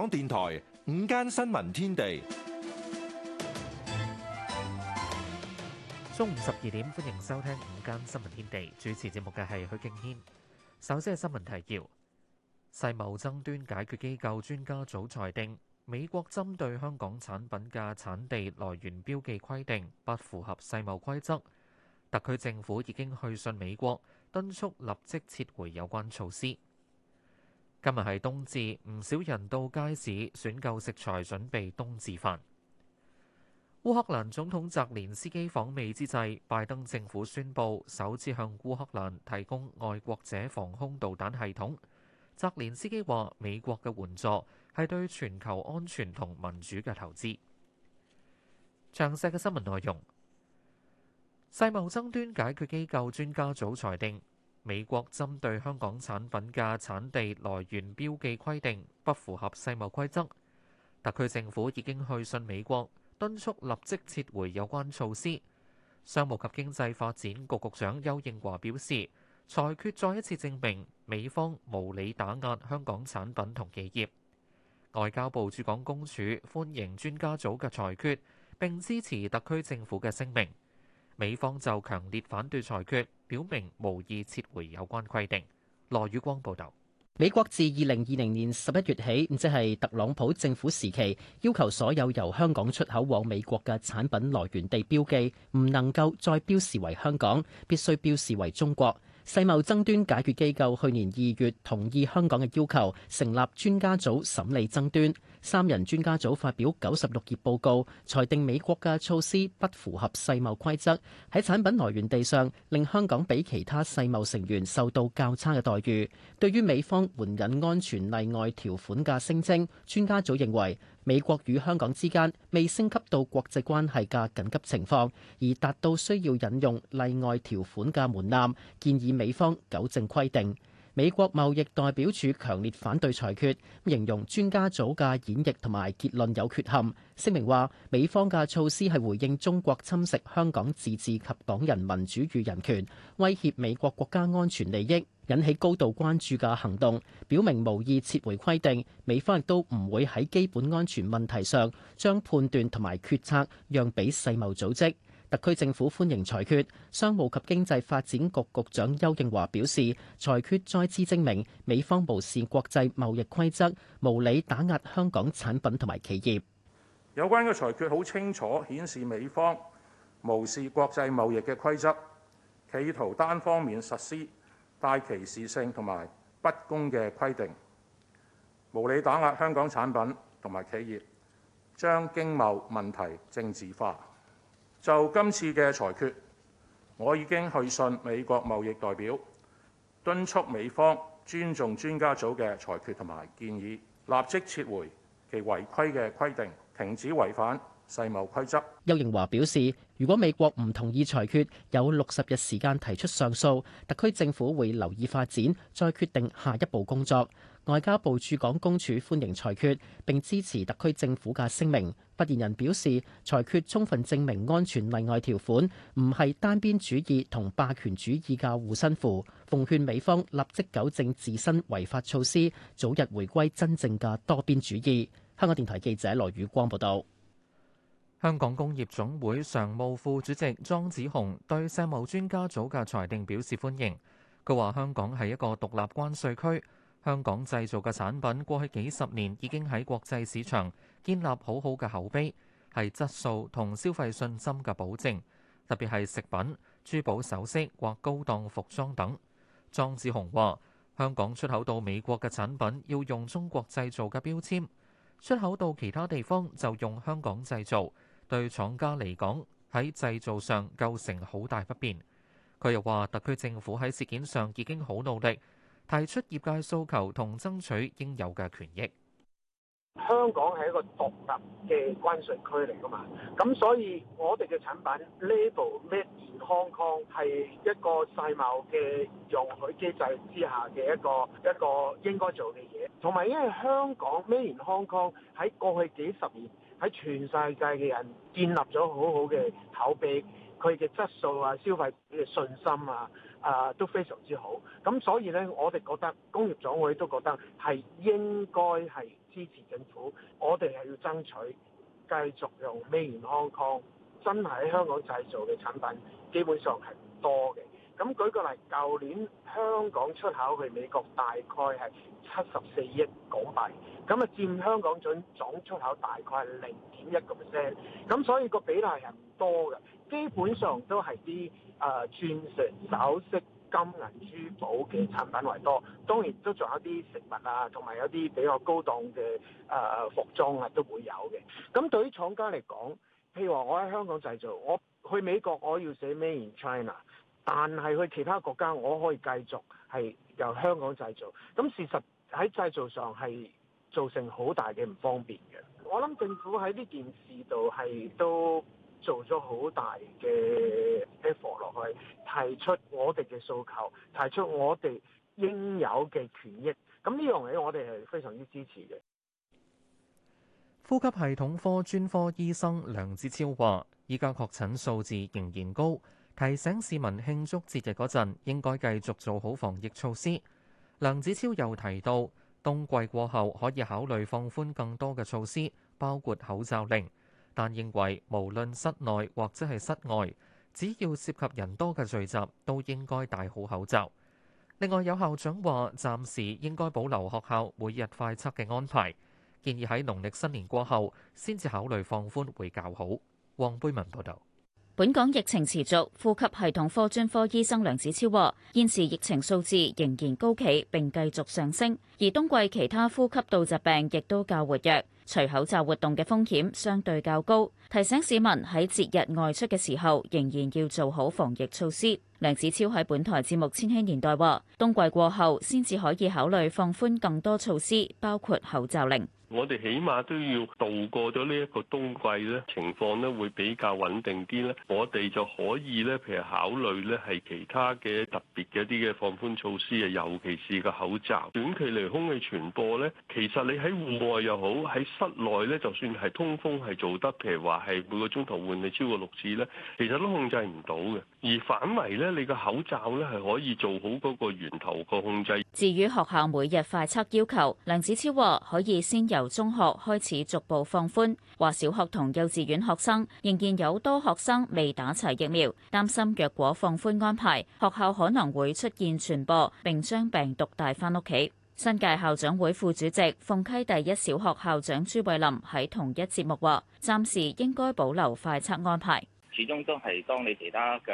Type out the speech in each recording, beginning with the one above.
香港電台午間新聞天地，中午十二點，歡迎收聽午間新聞天地。主持節目嘅係許敬軒。首先係新聞提要：世貿爭端解決機構專家組裁定，美國針對香港產品嘅產地來源標記規定不符合世貿規則。特區政府已經去信美國，敦促立即撤回有關措施。今日係冬至，唔少人到街市選購食材，準備冬至飯。烏克蘭總統澤連斯基訪美之際，拜登政府宣布首次向烏克蘭提供愛國者防空導彈系統。澤連斯基話：美國嘅援助係對全球安全同民主嘅投資。詳細嘅新聞內容，世貿爭端解決機構專家組裁定。美國針對香港產品嘅產地來源標記規定不符合世貿規則，特區政府已經去信美國，敦促立即撤回有關措施。商務及經濟發展局局長邱騰華表示，裁決再一次證明美方無理打壓香港產品同企業。外交部駐港公署歡迎專家組嘅裁決，並支持特區政府嘅聲明。美方就強烈反對裁決。表明無意撤回有關規定。羅宇光報道，美國自二零二零年十一月起，即係特朗普政府時期，要求所有由香港出口往美國嘅產品來源地標記，唔能夠再標示為香港，必須標示為中國。世貿爭端解決機構去年二月同意香港嘅要求，成立專家組審理爭端。三人專家組發表九十六頁報告，裁定美國嘅措施不符合世貿規則，喺產品來源地上令香港比其他世貿成員受到較差嘅待遇。對於美方援引安全例外條款嘅聲稱，專家組認為美國與香港之間未升級到國際關係嘅緊急情況，而達到需要引用例外條款嘅門檻，建議美方糾正規定。美國貿易代表處強烈反對裁決，形容專家組嘅演繹同埋結論有缺陷。聲明話，美方嘅措施係回應中國侵蝕香港自治及港人民主與人權，威脅美國國家安全利益，引起高度關注嘅行動，表明無意撤回規定。美方亦都唔會喺基本安全問題上將判斷同埋決策讓俾世貿組織。特區政府歡迎裁決，商務及經濟發展局局長邱應華表示，裁決再次證明美方無視國際貿易規則，無理打壓香港產品同埋企業。有關嘅裁決好清楚顯示，美方無視國際貿易嘅規則，企圖單方面實施帶歧視性同埋不公嘅規定，無理打壓香港產品同埋企業，將經貿問題政治化。就今次嘅裁決，我已經去信美國貿易代表，敦促美方尊重專家組嘅裁決同埋建議，立即撤回其違規嘅規定，停止違反世貿規則。邱瑩華表示，如果美國唔同意裁決，有六十日時間提出上訴，特區政府會留意發展，再決定下一步工作。外交部駐港公署歡迎裁決，並支持特區政府嘅聲明。發言人表示，裁決充分證明安全例外條款唔係單邊主義同霸權主義嘅護身符，奉勸美方立即糾正自身違法措施，早日回歸真正嘅多邊主義。香港電台記者羅宇光報道，香港工業總會常務副主席莊子雄對世貿專家組嘅裁定表示歡迎。佢話：香港係一個獨立關稅區。香港製造嘅產品過去幾十年已經喺國際市場建立好好嘅口碑，係質素同消費信心嘅保證。特別係食品、珠寶首飾或高檔服裝等。莊志雄話：香港出口到美國嘅產品要用中國製造嘅標籤，出口到其他地方就用香港製造，對廠家嚟講，喺製造上構成好大不便。佢又話：特區政府喺事件上已經好努力。提出業界訴求同爭取應有嘅權益。香港係一個獨立嘅關稅區嚟㗎嘛，咁所以我哋嘅產品 label made in Hong Kong 係一個世貿嘅容許機制之下嘅一個一個應該做嘅嘢，同埋因為香港 made in Hong Kong 喺過去幾十年喺全世界嘅人建立咗好好嘅口碑，佢嘅質素啊、消費者嘅信心啊。啊都非常之好，咁所以呢，我哋覺得工業總會都覺得係應該係支持政府，我哋係要爭取繼續用 Made in Hong Kong，真係喺香港製造嘅產品基本上係唔多嘅。咁舉個例，舊年香港出口去美國大概係七十四億港幣，咁啊，佔香港總總出口大概係零點一個 percent，咁所以個比例係唔多嘅。基本上都係啲誒鑽石、首、呃、飾、手金銀珠寶嘅產品為多，當然都仲有啲食物啊，同埋有啲比較高檔嘅誒、呃、服裝啊都會有嘅。咁對於廠家嚟講，譬如話我喺香港製造，我去美國我要寫咩 made in China，但係去其他國家我可以繼續係由香港製造。咁事實喺製造上係造成好大嘅唔方便嘅。我諗政府喺呢件事度係都。做咗好大嘅 effort 落去，提出我哋嘅訴求，提出我哋應有嘅權益。咁呢樣嘢我哋係非常之支持嘅。呼吸系統科專科醫生梁子超話，依家確診數字仍然高，提醒市民慶祝節日嗰陣應該繼續做好防疫措施。梁子超又提到，冬季過後可以考慮放寬更多嘅措施，包括口罩令。但認為無論室內或者係室外，只要涉及人多嘅聚集，都應該戴好口罩。另外有校長話，暫時應該保留學校每日快測嘅安排，建議喺農曆新年過後先至考慮放寬會較好。黃貝文報道。本港疫情持續，呼吸系統科專科醫生梁子超話，現時疫情數字仍然高企並繼續上升，而冬季其他呼吸道疾病亦都較活躍。除口罩活動嘅風險相對較高，提醒市民喺節日外出嘅時候，仍然要做好防疫措施。梁子超喺本台節目《千禧年代》話，冬季過後先至可以考慮放寬更多措施，包括口罩令。我哋起碼都要渡過咗呢一個冬季咧，情況咧會比較穩定啲咧，我哋就可以咧，譬如考慮咧係其他嘅特別嘅一啲嘅放寬措施啊，尤其是個口罩。短期嚟空氣傳播咧，其實你喺戶外又好，喺室內咧，就算係通風係做得，譬如話係每個鐘頭換氣超過六次咧，其實都控制唔到嘅。而反為咧，你個口罩咧係可以做好嗰個源頭個控制。至於學校每日快測要求，梁子超話可以先由。由中學開始逐步放寬，話小學同幼稚園學生仍然有多學生未打齊疫苗，擔心若果放寬安排，學校可能會出現傳播，並將病毒帶翻屋企。新界校長會副主席鳳溪第一小學校長朱慧琳喺同一節目話：暫時應該保留快測安排。始終都係當你其他嘅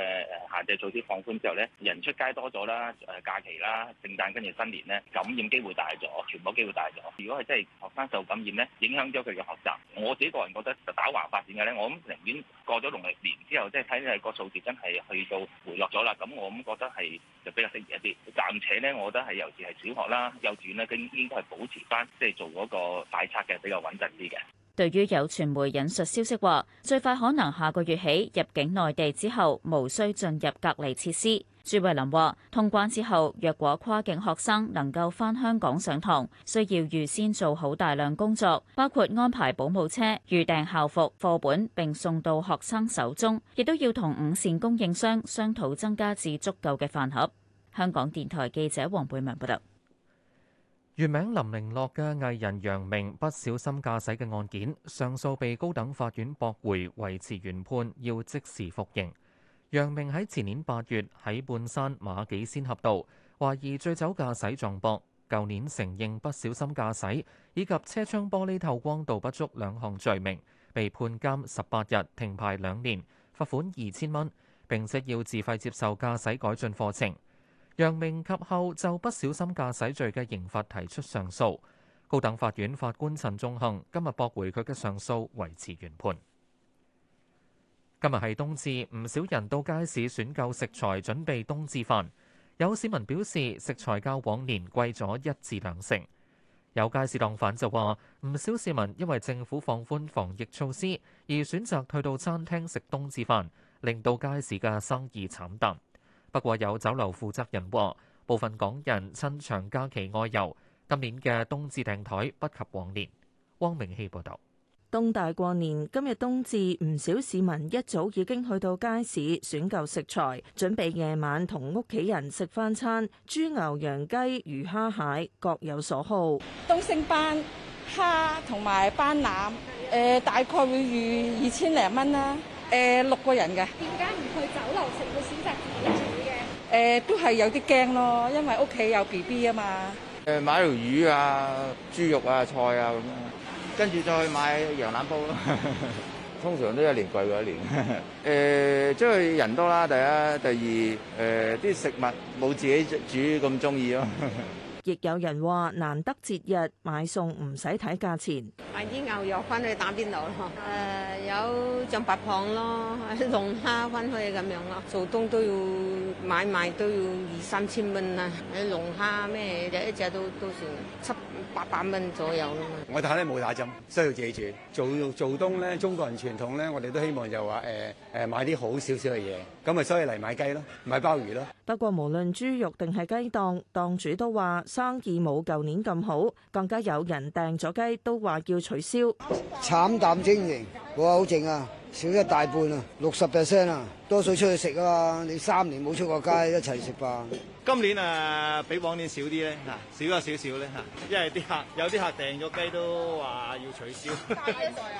限制做啲放寬之後咧，人出街多咗啦，誒假期啦，聖誕跟住新年咧，感染機會大咗，傳播機會大咗。如果係真係學生受感染咧，影響咗佢嘅學習，我自己個人覺得就打橫發展嘅咧，我諗寧願過咗農曆年之後，即係睇你個數字真係去到回落咗啦，咁我諗覺得係就比較適宜一啲。暫且咧，我覺得係尤其是係小學啦、幼稚園啦，應應該係保持翻即係做嗰個快測嘅比較穩陣啲嘅。對於有傳媒引述消息話，最快可能下個月起入境內地之後，無需進入隔離設施。朱慧琳話：通關之後，若果跨境學生能夠返香港上堂，需要預先做好大量工作，包括安排保姆車、預訂校服、課本，並送到學生手中，亦都要同五線供應商商討增加至足夠嘅飯盒。香港電台記者王貝文報道。原名林玲樂嘅藝人楊明不小心駕駛嘅案件上訴被高等法院駁回，維持原判，要即時服刑。楊明喺前年八月喺半山馬己仙峽道懷疑醉酒駕駛撞壆，舊年承認不小心駕駛以及車窗玻璃透光度不足兩項罪名，被判監十八日，停牌兩年，罰款二千蚊，並且要自費接受駕駛改進課程。楊明及後就不小心駕駛罪嘅刑罰提出上訴，高等法院法官陳仲衡今日駁回佢嘅上訴，維持原判。今日係冬至，唔少人到街市選購食材準備冬至飯。有市民表示，食材較往年貴咗一至兩成。有街市檔販就話，唔少市民因為政府放寬防疫措施而選擇退到餐廳食冬至飯，令到街市嘅生意慘淡。不過有酒樓負責人話，部分港人趁長假期外遊，今年嘅冬至訂台不及往年。汪明熙報導，冬大過年，今日冬至，唔少市民一早已經去到街市選購食材，準備夜晚同屋企人食返餐。豬、牛、羊、雞、魚、蝦、蟹，各有所好。東星斑、蝦同埋斑腩，誒大概會預二千零蚊啦。誒六個人嘅。點解唔去酒樓食？會選擇自營？誒都係有啲驚咯，因為屋企有 B B 啊嘛。誒買條魚啊、豬肉啊、菜啊咁樣，跟住再去買羊腩煲咯、啊。 通常都一年貴過一年。誒、 呃，即係人多啦，第一、第二，誒、呃、啲食物冇自己煮咁中意咯。 亦有人話：難得節日買餸唔使睇價錢，買啲牛肉返去打邊爐咯。誒、呃，有象拔蚌咯，龍蝦返去咁樣咯。做冬都要買賣都要二三千蚊啦，龍蝦咩一隻都都算七八百蚊左右。我睇咧冇打針，需要自己煮。做做冬咧，中國人傳統咧，我哋都希望就話誒誒買啲好少少嘅嘢，咁啊所以嚟買雞咯，買鮑魚咯。不過無論豬肉定係雞檔，檔主都話生意冇舊年咁好，更加有人訂咗雞都話要取消。慘淡經營，哇好靜啊，少一大半啊，六十 percent 啊。多數出去食啊！你三年冇出過街，一齊食飯。今年啊，比往年少啲咧，少咗少少咧，因為啲客有啲客，客訂咗雞都話要取消，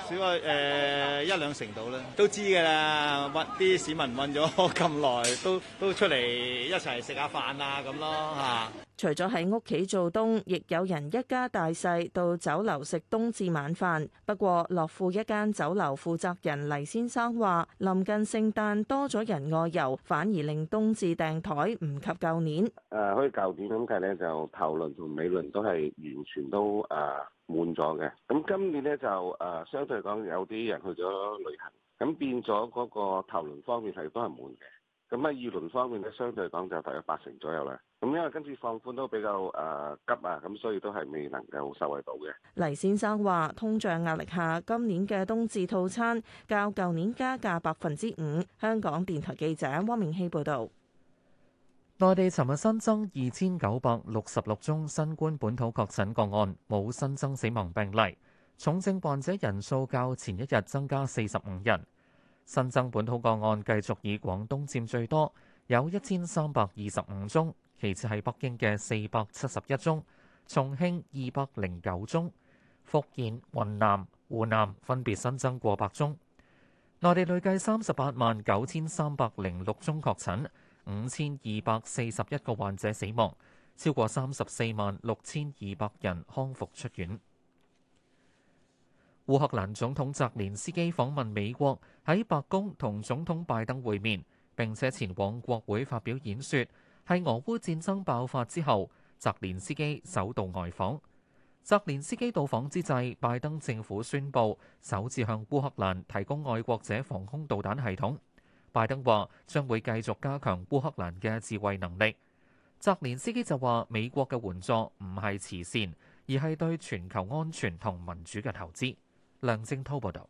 少啊一兩成度啦，都知㗎啦，搵啲、啊、市民搵咗咁耐，都都出嚟一齊食下飯啊咁咯嚇。除咗喺屋企做冬，亦有人一家大細到酒樓食冬至晚飯。不過，樂富一間酒樓負責人黎先生話：臨近聖誕。多咗人外遊，反而令冬至訂枱唔及舊年。誒，可以舊年咁計咧，就頭輪同尾輪都係完全都誒滿咗嘅。咁今年咧就誒相對嚟講有啲人去咗旅行，咁變咗嗰個頭輪方面係都係滿嘅。咁喺二輪方面咧，相對嚟講就大約八成左右啦。咁因為今次放寬都比較誒急啊，咁所以都係未能夠受惠到嘅。黎先生話：通脹壓力下，今年嘅冬至套餐較舊年加價百分之五。香港電台記者汪明希報導，內地尋日新增二千九百六十六宗新冠本土確診個案，冇新增死亡病例，重症患者人數較前一日增加四十五人。新增本土個案繼續以廣東佔最多，有一千三百二十五宗。其次係北京嘅四百七十一宗，重慶二百零九宗，福建、雲南、湖南分別新增過百宗。內地累計三十八萬九千三百零六宗確診，五千二百四十一個患者死亡，超過三十四萬六千二百人康復出院。烏克蘭總統澤連斯基訪問美國，喺白宮同總統拜登會面，並且前往國會發表演說。喺俄烏戰爭爆發之後，澤連斯基首度外訪。澤連斯基到訪之際，拜登政府宣布首次向烏克蘭提供愛國者防空導彈系統。拜登話將會繼續加強烏克蘭嘅自衛能力。澤連斯基就話：美國嘅援助唔係慈善，而係對全球安全同民主嘅投資。梁正濤報道。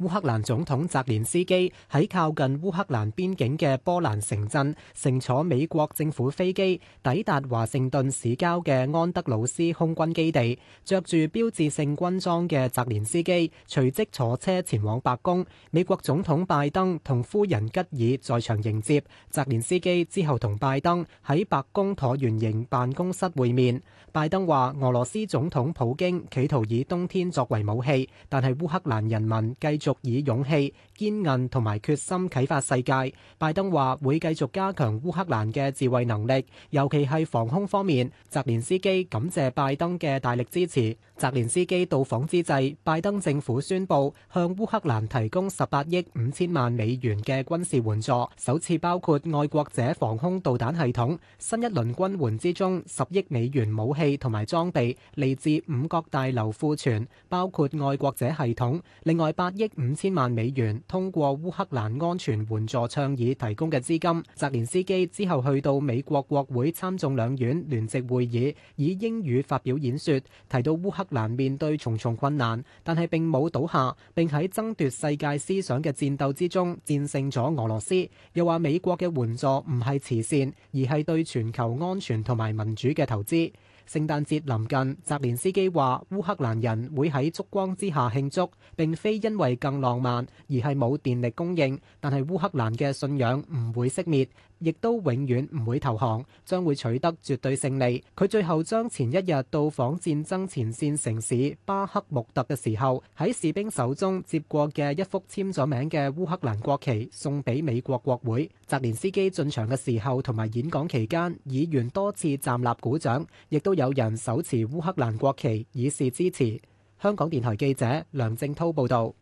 烏克蘭總統澤連斯基喺靠近烏克蘭邊境嘅波蘭城鎮，乘坐美國政府飛機抵達華盛頓市郊嘅安德魯斯空軍基地，着住標誌性軍裝嘅澤連斯基隨即坐車前往白宮。美國總統拜登同夫人吉爾在場迎接澤連斯基，之後同拜登喺白宮橢圓形辦公室會面。拜登話：俄羅斯總統普京企圖以冬天作為武器，但係烏克蘭人民繼續續以勇氣、堅韌同埋決心啟發世界。拜登話會繼續加強烏克蘭嘅自衛能力，尤其係防空方面。澤連斯基感謝拜登嘅大力支持。澤連斯基到訪之際，拜登政府宣布向烏克蘭提供十八億五千萬美元嘅軍事援助，首次包括愛國者防空導彈系統。新一輪軍援之中，十億美元武器同埋裝備嚟自五角大樓庫存，包括愛國者系統，另外八億。五千萬美元通過烏克蘭安全援助倡議提供嘅資金。澤連斯基之後去到美國國會參眾兩院聯席會議，以英語發表演說，提到烏克蘭面對重重困難，但係並冇倒下，並喺爭奪世界思想嘅戰鬥之中戰勝咗俄羅斯。又話美國嘅援助唔係慈善，而係對全球安全同埋民主嘅投資。聖誕節臨近，澤連斯基話：烏克蘭人會喺燭光之下慶祝，並非因為更浪漫，而係冇電力供應。但係烏克蘭嘅信仰唔會熄滅。亦都永遠唔會投降，將會取得絕對勝利。佢最後將前一日到訪戰爭前線城市巴克穆特嘅時候，喺士兵手中接過嘅一幅簽咗名嘅烏克蘭國旗送俾美國國會。澤連斯基進場嘅時候同埋演講期間，議員多次站立鼓掌，亦都有人手持烏克蘭國旗以示支持。香港電台記者梁正濤報導。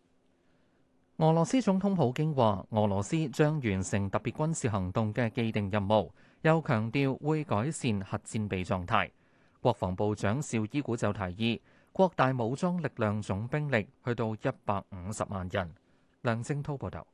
俄羅斯總統普京話，俄羅斯將完成特別軍事行動嘅既定任務，又強調會改善核戰備狀態。國防部長紹伊古就提議，擴大武裝力量總兵力去到一百五十萬人。梁晶濤報道。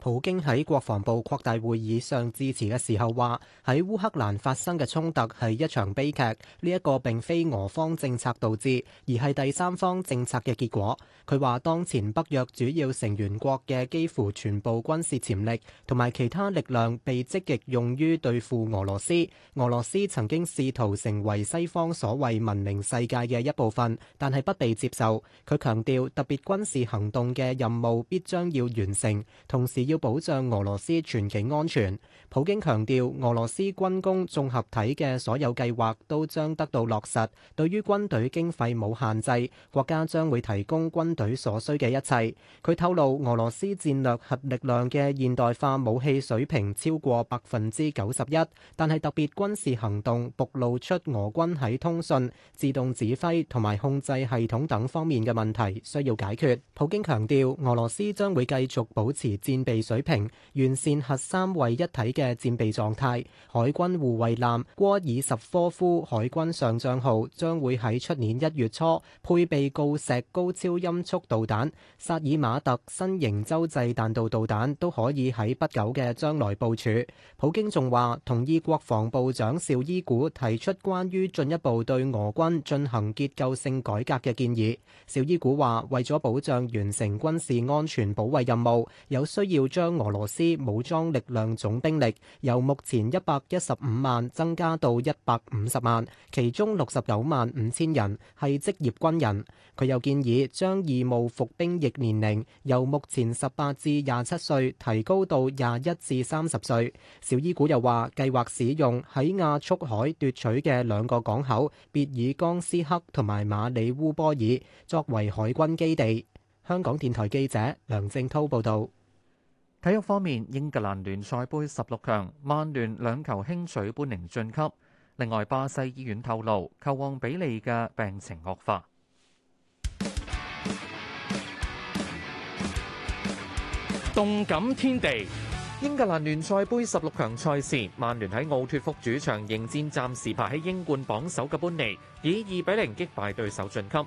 普京喺國防部擴大會議上致辭嘅時候話：喺烏克蘭發生嘅衝突係一場悲劇，呢一個並非俄方政策導致，而係第三方政策嘅結果。佢話當前北約主要成員國嘅幾乎全部軍事潛力同埋其他力量被積極用於對付俄羅斯。俄羅斯曾經試圖成為西方所謂文明世界嘅一部分，但係不被接受。佢強調特別軍事行動嘅任務必將要完成，同時，要保障俄羅斯全境安全。普京強調，俄羅斯軍工綜合體嘅所有計劃都將得到落實。對於軍隊經費冇限制，國家將會提供軍隊所需嘅一切。佢透露，俄羅斯戰略核力量嘅現代化武器水平超過百分之九十一，但係特別軍事行動暴露出俄軍喺通訊、自動指揮同埋控制系統等方面嘅問題需要解決。普京強調，俄羅斯將會繼續保持戰備水平，完善核三位一體嘅戰備狀態，海軍護衛艦戈爾什科夫海軍上將號將會喺出年一月初配備鋯石高超音速導彈，薩爾馬特新型洲際彈道導彈都可以喺不久嘅將來部署。普京仲話同意國防部長邵伊古提出關於進一步對俄軍進行結構性改革嘅建議。邵伊古話為咗保障完成軍事安全保衛任務，有需要將俄羅斯武裝力量總兵力，由目前一百一十五萬增加到一百五十萬，其中六十九萬五千人係職業軍人。佢又建議將義務服兵役年齡由目前十八至廿七歲提高到廿一至三十歲。紹伊古又話，計劃使用喺亞速海奪取嘅兩個港口別爾江斯克同埋馬里烏波爾作為海軍基地。香港電台記者梁正濤報道。體育方面，英格蘭聯賽盃十六強，曼聯兩球輕取般尼晉級。另外，巴西醫院透露，球王比利嘅病情惡化。動感天地，英格蘭聯賽盃十六強賽事，曼聯喺奧脫福主場迎戰暫時排喺英冠榜首嘅般尼，以二比零擊敗對手晉級。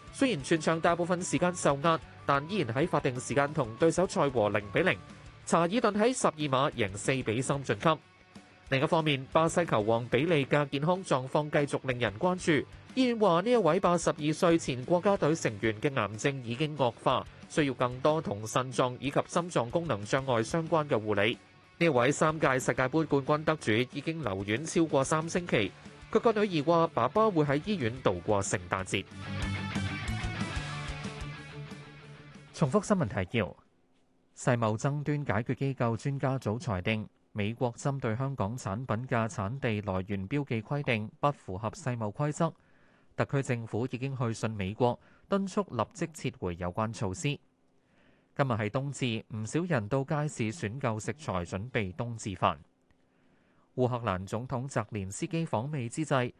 雖然全場大部分時間受壓，但依然喺法定時間同對手賽和零比零。查爾頓喺十二碼贏四比三晉級。另一方面，巴西球王比利嘅健康狀況繼續令人關注。醫院話呢一位八十二歲前國家隊成員嘅癌症已經惡化，需要更多同腎臟以及心臟功能障礙相關嘅護理。呢位三屆世界盃冠軍得主已經留院超過三星期。佢個女兒話：爸爸會喺醫院度過聖誕節。重複新聞提要：世貿爭端解決機構專家組裁定，美國針對香港產品嘅產地來源標記規定不符合世貿規則。特區政府已經去信美國，敦促立即撤回有關措施。今日係冬至，唔少人到街市選購食材，準備冬至飯。烏克蘭總統澤連斯基訪美之際，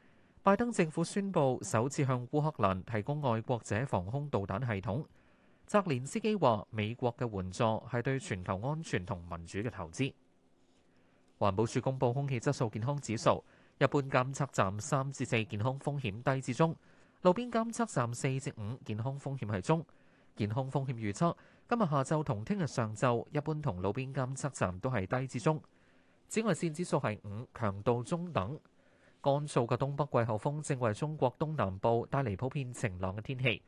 拜登政府宣布首次向烏克蘭提供愛國者防空導彈系統。澤連斯基話，美國嘅援助係對全球安全同民主嘅投資。環保署公布空氣質素健康指數，一般監測站三至四，健康風險低至中；路邊監測站四至五，健康風險係中。健康風險預測今日下晝同聽日上晝，一般同路邊監測站都係低至中。紫外線指數係五，強度中等。乾燥嘅東北季候風正為中國東南部帶嚟普遍晴朗嘅天氣。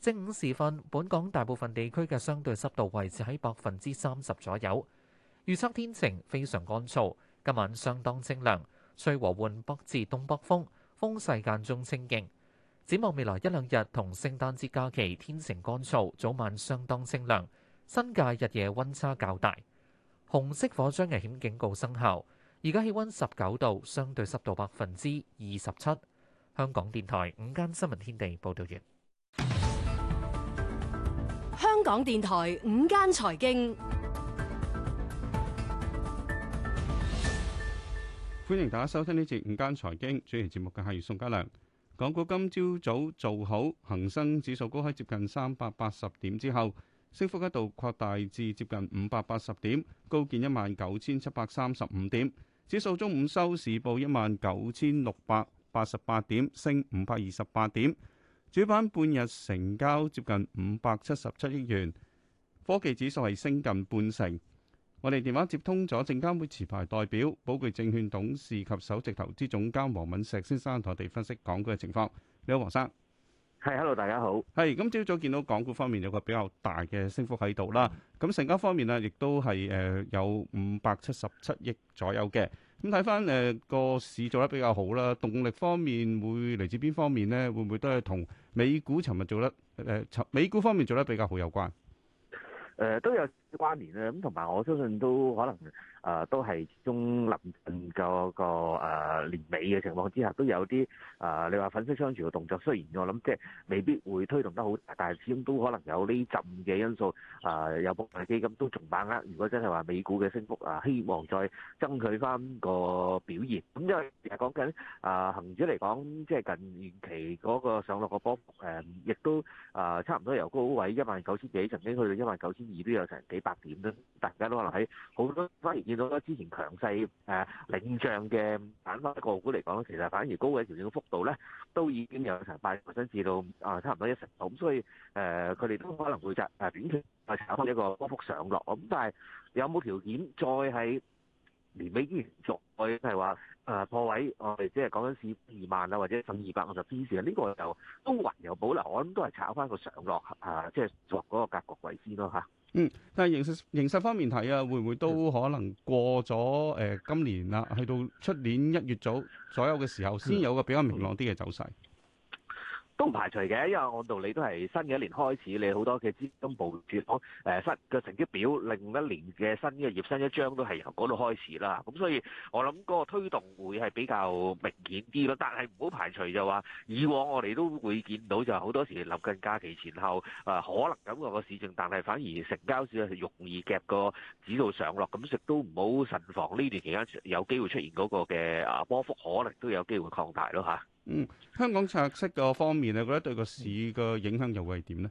正午時分，本港大部分地區嘅相對濕度維持喺百分之三十左右。預測天晴，非常乾燥。今晚相當清涼，吹和緩北至東北風，風勢間中清勁。展望未來一兩日同聖誕節假期，天晴乾燥，早晚相當清涼。新界日夜温差較大。紅色火災危險警告生效。而家氣温十九度，相對濕度百分之二十七。香港電台午間新聞天地，報道完。港電台午間財經。歡迎大家收聽呢節午間財經，主持節目嘅係宋家良。港股今朝早，早做好，恒生指數高開接近三百八十點之後，升幅一度擴大至接近五百八十點，高見一萬九千七百三十五點。指數中午收市報一萬九千六百八十八點，升五百二十八點。主板半日成交接近五百七十七億元，科技指數係升近半成。我哋電話接通咗證監會持牌代表寶钜證券董事及首席投資總監黃敏石先生同我哋分析港股嘅情況。你好，黃生。係，Hello，大家好。係，今朝早見到港股方面有個比較大嘅升幅喺度啦。咁成交方面呢，亦都係誒、呃、有五百七十七億左右嘅。咁睇翻誒個市做得比較好啦，動力方面會嚟自邊方面咧？會唔會都係同美股尋日做得誒、呃、美股方面做得比較好有關？誒、呃、都有。關聯咧，咁同埋我相信都可能啊，都係中臨近個個啊年尾嘅情況之下，都有啲啊，你話粉飾櫥窗嘅動作，雖然我諗即係未必會推動得好大，但係始終都可能有呢浸嘅因素啊，有部分基金都仲把握，如果真係話美股嘅升幅啊，希望再爭取翻個表現。咁因為其實講緊啊，恒指嚟講，即係近期嗰個上落個波誒，亦都啊差唔多由高位一萬九千幾，曾經去到一萬九千二都有成幾格咧，大家都可能喺好多反而見到咧，之前強勢誒、呃、領漲嘅反方個股嚟講咧，其實反而高嘅條件幅度咧，都已經有成百 p e 至到啊、呃，差唔多一成度，咁所以誒，佢、呃、哋都可能會就誒短期係炒翻一個波幅上落咁、嗯、但係有冇條件再喺年尾啲再係話？誒破位，我哋即係講緊市二萬啊，或者甚至二百六十天線啊，呢個就都還有保留，我諗都係炒翻個上落啊，即係作嗰個格局為主咯嚇。嗯，但係形勢形勢方面睇啊，會唔會都可能過咗誒、呃、今年啦，去到出年一月左右左右嘅時候，先有個比較明朗啲嘅走勢。都唔排除嘅，因為按道理都係新嘅一年開始，你好多嘅資金部署好誒新嘅成績表，另一年嘅新嘅業新一章都係由嗰度開始啦。咁所以，我諗嗰個推動會係比較明顯啲咯。但係唔好排除就話，以往我哋都會見到就好多時臨近假期前後啊，可能咁個市況，但係反而成交市啊容易夾個指數上落。咁亦都唔好慎防呢段期間有機會出現嗰個嘅啊波幅，可能都有機會擴大咯嚇。啊嗯，香港拆息嘅方面，你覺得對個市嘅影響又會係點呢？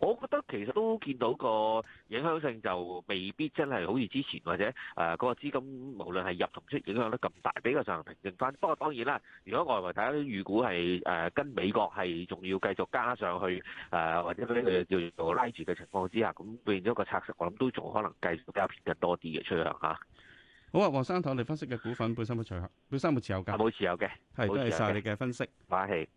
我覺得其實都見到個影響性就未必真係好似之前或者誒嗰、呃那個資金無論係入同出影響得咁大，比較上係平靜翻。不過當然啦，如果外圍大家都預估係誒、呃、跟美國係仲要繼續加上去誒、呃，或者咧佢叫做拉住嘅情況之下，咁變咗個拆息，我諗都仲可能繼續比較偏緊多啲嘅趨向吓。啊好啊，黃生同我哋分析嘅股份，本身冇持有，本身冇持有噶，冇持有嘅，係是多謝晒你嘅分析。馬戲氣，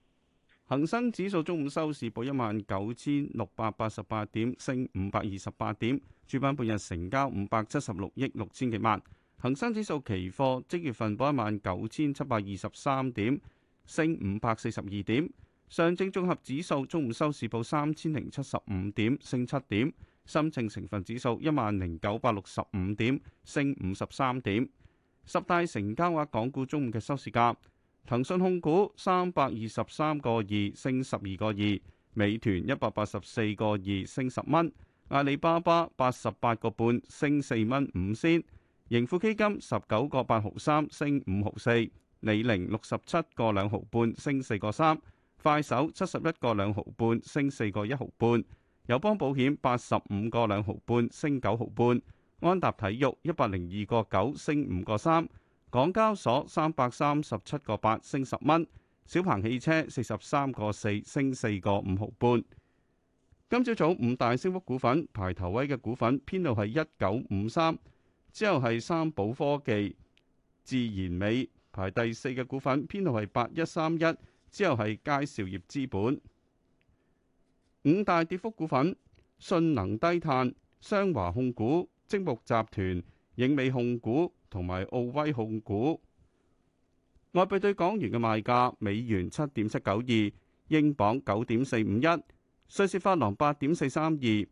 恒生指數中午收市報一萬九千六百八十八點，升五百二十八點，主板半日成交五百七十六億六千幾萬。恒生指數期貨即月份報一萬九千七百二十三點，升五百四十二點。上證綜合指數中午收市報三千零七十五點，升七點。深證成分指數一萬零九百六十五點，升五十三點。十大成交額港股中午嘅收市價：騰訊控股三百二十三個二，升十二個二；美團一百八十四個二，升十蚊；阿里巴巴八十八個半，升四蚊五仙；盈富基金十九個八毫三，升五毫四；李寧六十七個兩毫半，升四個三；快手七十一個兩毫半，升四個一毫半。友邦保險八十五個兩毫半，升九毫半；安踏體育一百零二個九，升五個三；港交所三百三十七個八，升十蚊；小鵬汽車四十三個四，升四個五毫半。今朝早五大升幅股份，排頭位嘅股份編號係一九五三，之後係三寶科技；自然美排第四嘅股份編號係八一三一，之後係佳兆業資本。五大跌幅股份：信能低碳、商華控股、積木集團、影美控股同埋奧威控股。外幣對港元嘅賣價：美元七點七九二，英鎊九點四五一，瑞士法郎八點四三二，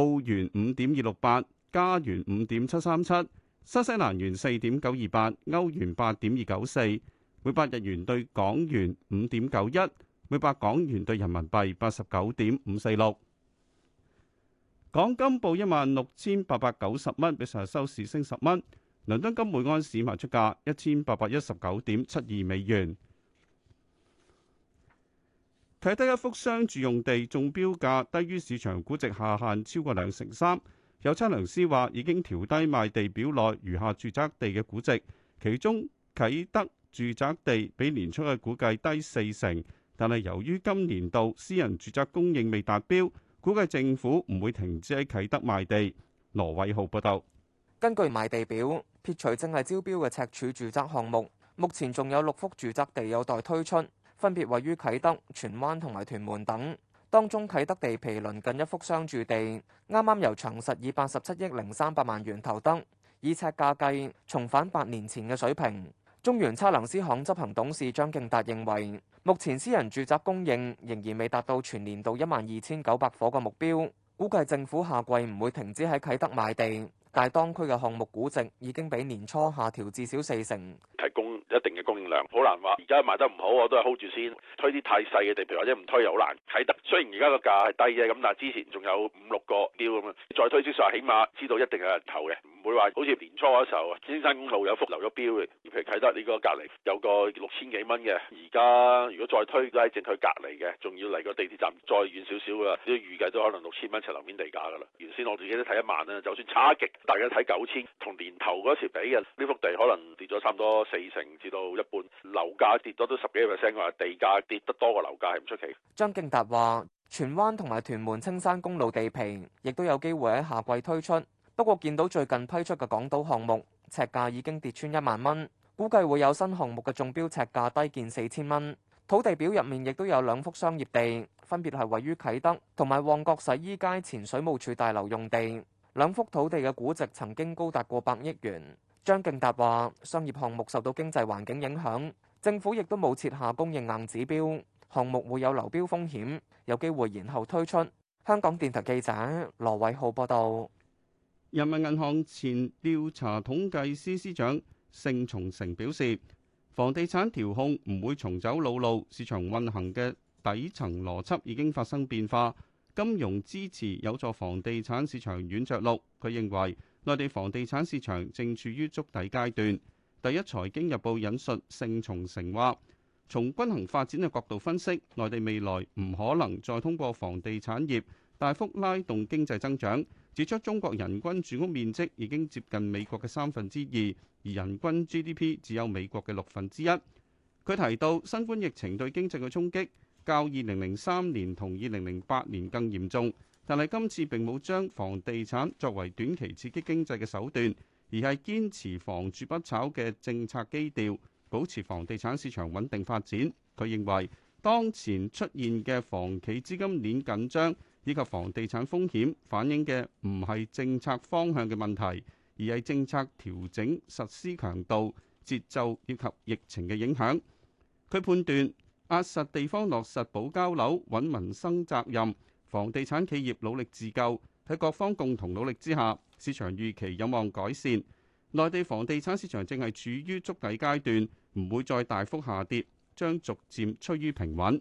澳元五點二六八，加元五點七三七，新西蘭元四點九二八，歐元八點二九四，每百日元對港元五點九一。每百港元兌人民幣八十九點五四六，港金報一萬六千八百九十蚊，比上日收市升十蚊。倫敦金每安士賣出價一千八百一十九點七二美元。啟德一幅商住用地中標價低於市場估值下限超過兩成三，有測量師話已經調低賣地表內餘下住宅地嘅估值，其中啟德住宅地比年初嘅估計低四成。但係由於今年度私人住宅供應未達標，估計政府唔會停止喺啟德賣地。羅偉浩報道。根據賣地表，撇除正係招標嘅赤柱住宅項目，目前仲有六幅住宅地有待推出，分別位於啟德、荃灣同埋屯門等。當中啟德地皮鄰近一幅商住地，啱啱由長實以八十七億零三百萬元投得，以尺價計，重返八年前嘅水平。中原測量師行執行董事張敬達認為，目前私人住宅供應仍然未達到全年度一萬二千九百伙嘅目標，估計政府下季唔會停止喺啟德賣地。大當區嘅項目估值已經比年初下調至少四成，提供一定嘅供應量，好難話。而家賣得唔好，我都係 hold 住先，推啲太細嘅地皮或者唔推又好難得。啟德雖然而家個價係低嘅，咁但係之前仲有五六個標咁啊，再推啲數，起碼知道一定有人投嘅，唔會話好似年初嗰時候，青山公路有幅流咗標嘅。譬如啟德呢個隔離有個六千幾蚊嘅，而家如果再推都係正佢隔離嘅，仲要離個地鐵站再遠少少噶，都預計都可能六千蚊齊樓面地價噶啦。原先我自己都睇一萬啦，就算差極。大家睇九千，同年頭嗰時比嘅呢幅地可能跌咗差唔多四成至到一半，樓價跌咗都十幾個 percent，話地價跌得多過樓價係唔出奇。張敬達話：荃灣同埋屯門青山公路地皮，亦都有機會喺夏季推出。不過見到最近推出嘅港島項目，尺價已經跌穿一萬蚊，估計會有新項目嘅中標尺價低見四千蚊。土地表入面亦都有兩幅商業地，分別係位於啟德同埋旺角洗衣街前水務處大樓用地。兩幅土地嘅估值曾經高達過百億元。張敬達話：商業項目受到經濟環境影響，政府亦都冇設下供應硬指標，項目會有流標風險，有機會延後推出。香港電台記者羅偉浩報道。人民銀行前調查統計司司長盛松成表示，房地產調控唔會重走老路，市場運行嘅底層邏輯已經發生變化。金融支持有助房地產市場軟着陸，佢認為內地房地產市場正處於築底階段。第一財經日報引述盛從成話，從均衡發展嘅角度分析，內地未來唔可能再通過房地產業大幅拉動經濟增長，指出中國人均住屋面積已經接近美國嘅三分之二，而人均 GDP 只有美國嘅六分之一。佢提到新冠疫情對經濟嘅衝擊。較二零零三年同二零零八年更嚴重，但係今次並冇將房地產作為短期刺激經濟嘅手段，而係堅持房住不炒嘅政策基調，保持房地產市場穩定發展。佢認為，當前出現嘅房企資金鏈緊張以及房地產風險，反映嘅唔係政策方向嘅問題，而係政策調整實施強度、節奏以及疫情嘅影響。佢判斷，壓實地方落實保交樓，穩民生責任。房地產企業努力自救，喺各方共同努力之下，市場預期有望改善。內地房地產市場正係處於築底階段，唔會再大幅下跌，將逐漸趨於平穩。